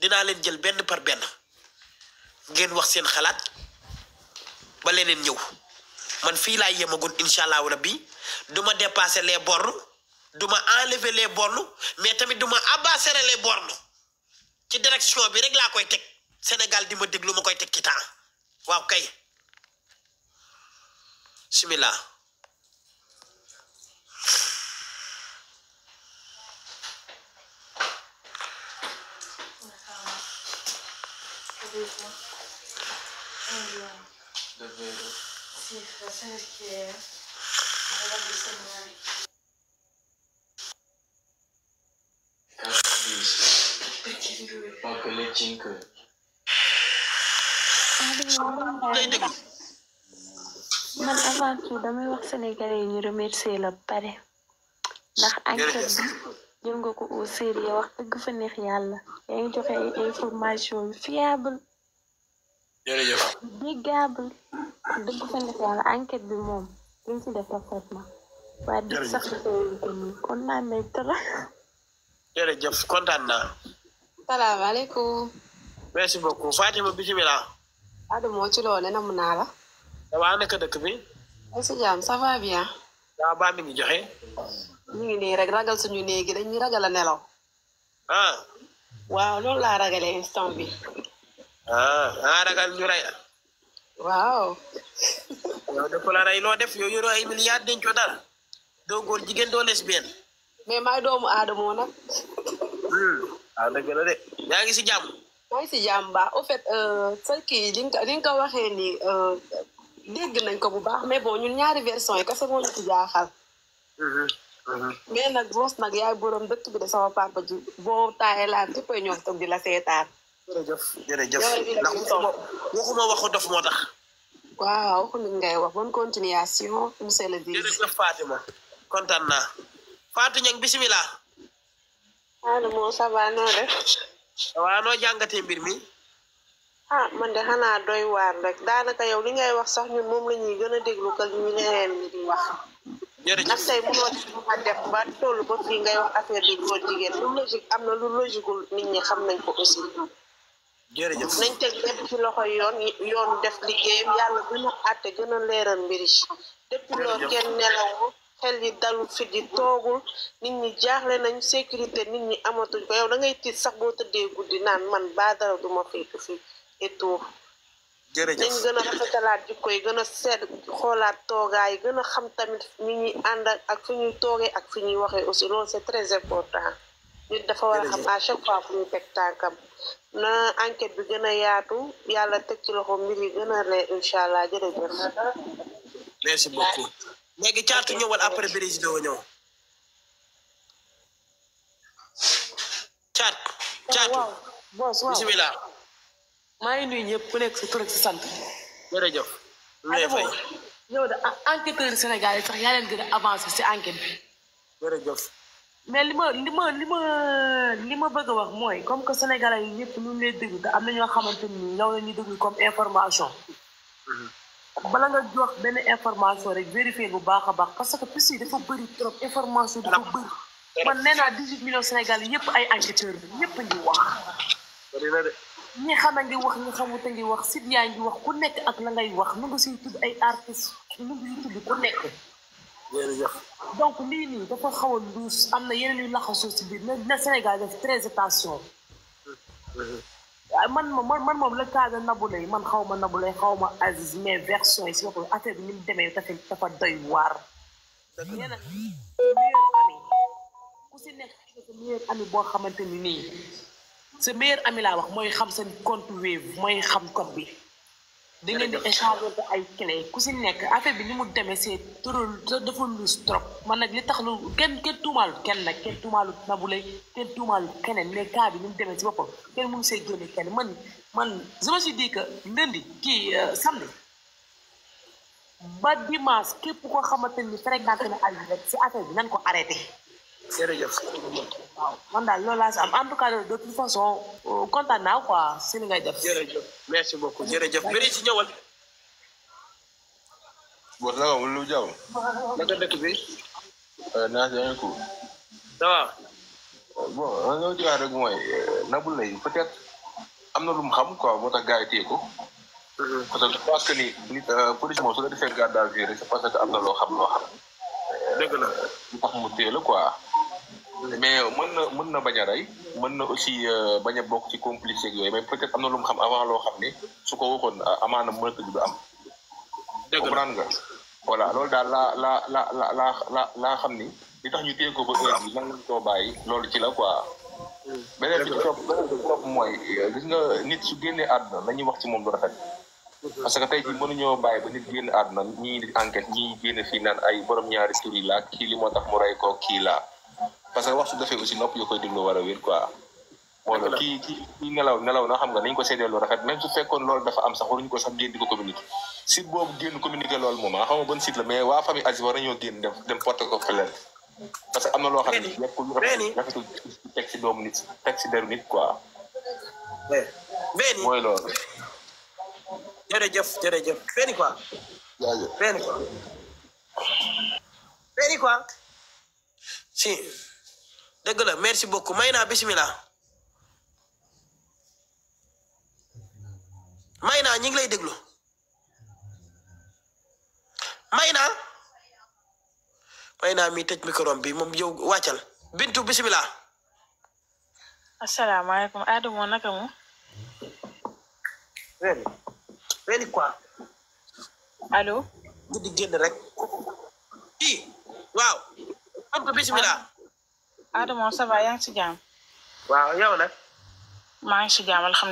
dinaa leen jël benn par benn ngeen wax seen xalaat ba leneen ñëw man fii laay yemagun incha allahu rabbi du ma dépasser les bornes du ma enlever les bornes mais tamit du ma abaisser les bornes ci direction bi rek laa koy teg Sénégal di ma déglu ma koy teg ci temps waaw kay simila Αγγλικό. Έλα. Δεν βέρω. Σύχασα και... Έλα πίστε μου. Makale cinque. man avant tout damay wax sénégalais ñu remercier la pare ndax enquête jël nga ko au sérieux wax dëgg fa neex yàlla yaa ngi joxe ay information fiable jërëjëf dëgg fa neex yàlla enquête bi moom dañ si def parfaitement waa di sax ko nii kon naa may tala jërëjëf kontaan naa salaamaaleykum merci beaucoup Fatima bisimilah Adamo ci loole na mu naa la dawaa naka dëkk bi si jàmm ça va bien mi ngi joxe ñu ngi nii rek ragal suñu néegi dañuy ragal a nelaw. ah. waaw loolu laa ragalee instant bi. ah, ah ragal ñu rey. waaw. yow dëpp la rey loo def yow yoroo ay milliards dencoo dara. doo góor jigéen doo lesbienne. mais maay doomu aadamoo nag. Hmm. ah yaa ngi si jàmm. maa si jàmm ba au fait euh, sa kii li nga ko waxee nii euh, dégg nañ ko bu baax mais bon ñun ñaari version yi kese moo ñu si mais mm-hmm. nag boos nag yaay borom dëkk bi de sama papa ji boo taayee laan ci koy ñoom toog di la seetaan. jërëjëf jërëjëf ndax waxuma dof moo tax. waaw waxu li ngay wax bonne continuation monsieur le vice. jërëjëf Fatima kontaan naa. Fatou Niang bisimilah. allo Moussa ça va noo def. waaw mbir mi. ah man de xanaa doy waar rek daanaka yow li ngay wax sax moom la ñuy gën a déglu que li ñu leneen di wax. jërëjëf ndax tey mënoo ma def ba toll ba fii ngay wax affaire bi góor jigéen lu logique am na lu logiqueul nit ñi xam nañ ko aussi. jërëjëf nañ teg lépp ci loxo yoon yoon def liggéeyam yàlla gën a àtte gën a leeral mbir mbiri depuis loolu kenn nelawul xel yi dalul fit yi toogul nit ñi jaaxle nañ sécurité nit ñi amatuñ ko yow da ngay tiit sax boo tëddee guddi naan man baa dara duma fekk fii et tout jërëjëf nañ gën a rafetalaat jikko gën a sedd xoolaat toogaay gën a xam tamit ñu ñuy ànd ak fi ñuy toogee ak fi ñuy waxee aussi loolu c'est très important dafa war a xam à chaque fois fu ñu teg tànkam na enquête bi gën a yaatu yàlla teg ci loxo mbir yi gën a lee incha allah jërëjëf merci beaucoup léegi caatu ñëwal après président ñëw caat caatu bismillah maa ngi nuyu ñëpp ku nekk si tur ak sa sant. jërëjëf. Adamo yow de Sénégal yi sax yaa leen gën a avancé si enquête bi. jërëjëf. mais li ma li ma li ma li ma bëgg a wax mooy comme que sénégalais yi ñëpp ñu ngi lay am na ñoo xamante ni yow la ñuy déglu comme information. Mhm. bala nga jox benn information rek vérifier bu baax a baax parce que piste yi dafa bëri trop information dafa bëri. man nee naa 18 millions Sénégal yëpp ay enquêteurs bi ñëpp ñu wax. ñi xam a ngi wax ñi xamut a ngi wax si yaa ngi wax ku nekk ak la ngay wax nu nga si tudd ay artistes nu nga siy tudd ku nekk. donc lii nii dafa xaw a luus am na yeneen yu laxasoo si biir na Sénégal def très attention. man moom man man moom la cas de Nabou Leye man xaw ma Nabou Leye xaw ma Aziz mais version yi si boppam affaire bi ni demee dafa dafa doy waar. yéen ku si nekk meilleur ami boo xamante ni nii. sa meilleur ami laa wax mooy xam seen compte wave mooy xam code bi da ngeen di échanger ko ay clé ku si nekk affaire bi ni mu demee c'est trop dafa lu trop man nag li tax lu kenn kenn tuumaalu kenn nag kenn tuumaalu Nabou lay kenn tuumaalu keneen mais cas bi ni mu demee si boppam kenn mënu see génne kenn man man je me suis dit que lundi kii samedi ba dimanche képp ko xamante ni fréquenté na ay rek si affaire bi nan ko arrêté jërëjëf waaw man daal loolu am en tout cas de toute façon euh, kontaan naa quoi si li ngay def. jërëjëf merci beaucoup jërëjëf bëri si ñëwal. Boor naka wala lu jaww. naka dëkk bi. Euh, naa seetlu ko. ça nga ci wax rek mooy euh, am na lu mu xam quoi moo tax gars yi téye ko. Mhm. ni nit police moom su la defee garde à vue rek c'est parce am na loo xam loo xam. dëgg la lu tax mu téye la mais euh, mën na mën na bañ a rey mën na aussi euh, bañ a bokk ci complice yooyu mais peut-être am na lu mu xam avant loo xam ne su ko waxoon euh, amaana meurtre bi du am. dëgg nga voilà loolu daal laa laa la la la la laa xam ni li tax ñu téye ko ba heure bi lan lañ koo bàyyi loolu ci la quoi. beneen bi ci mooy gis nga nit su génnee àdduna la ñuy wax ci moom lu rafet. parce que tey jii mënuñoo bàyyi ba nit génn àdduna ñii enquête ñii génn fii naan ay borom ñaari tur laa kii li moo tax mu rey ko kii laa. parce que wax su defee aussi nopp yu koy déglu war a wér quoi. wala kii kii kii nelaw nelaw na xam nga nañ ko seedeel lu rafet même su fekkoon loolu dafa am sax waruñu ko sax génn di ko communiquer site boobu génn communiquer loolu moom ah xam nga bon site la mais waa famille Aziz war nañoo génn dem dem porter ko parce que am na loo xam ne nekkul lu rafetul teg si doomu nit teg si deru nit quoi. benn mooy loolu. jërëjëf jërëjëf benn quoi. si. dégla merci beaucoup may naa bisimilah may naa ñi ngi lay déglu mayna naa naa mi tëj micro bi moom yow wàccal bintu bisimilah. asalaamaaleykum Adamo naka mu. wéli wéli quoi. allo. guddi génn rek. kii waaw. tontu bisimilah. Adamo ça va yaa ngi si jàmm. waaw yow nag. maa ngi si jàmm alhamdulilah.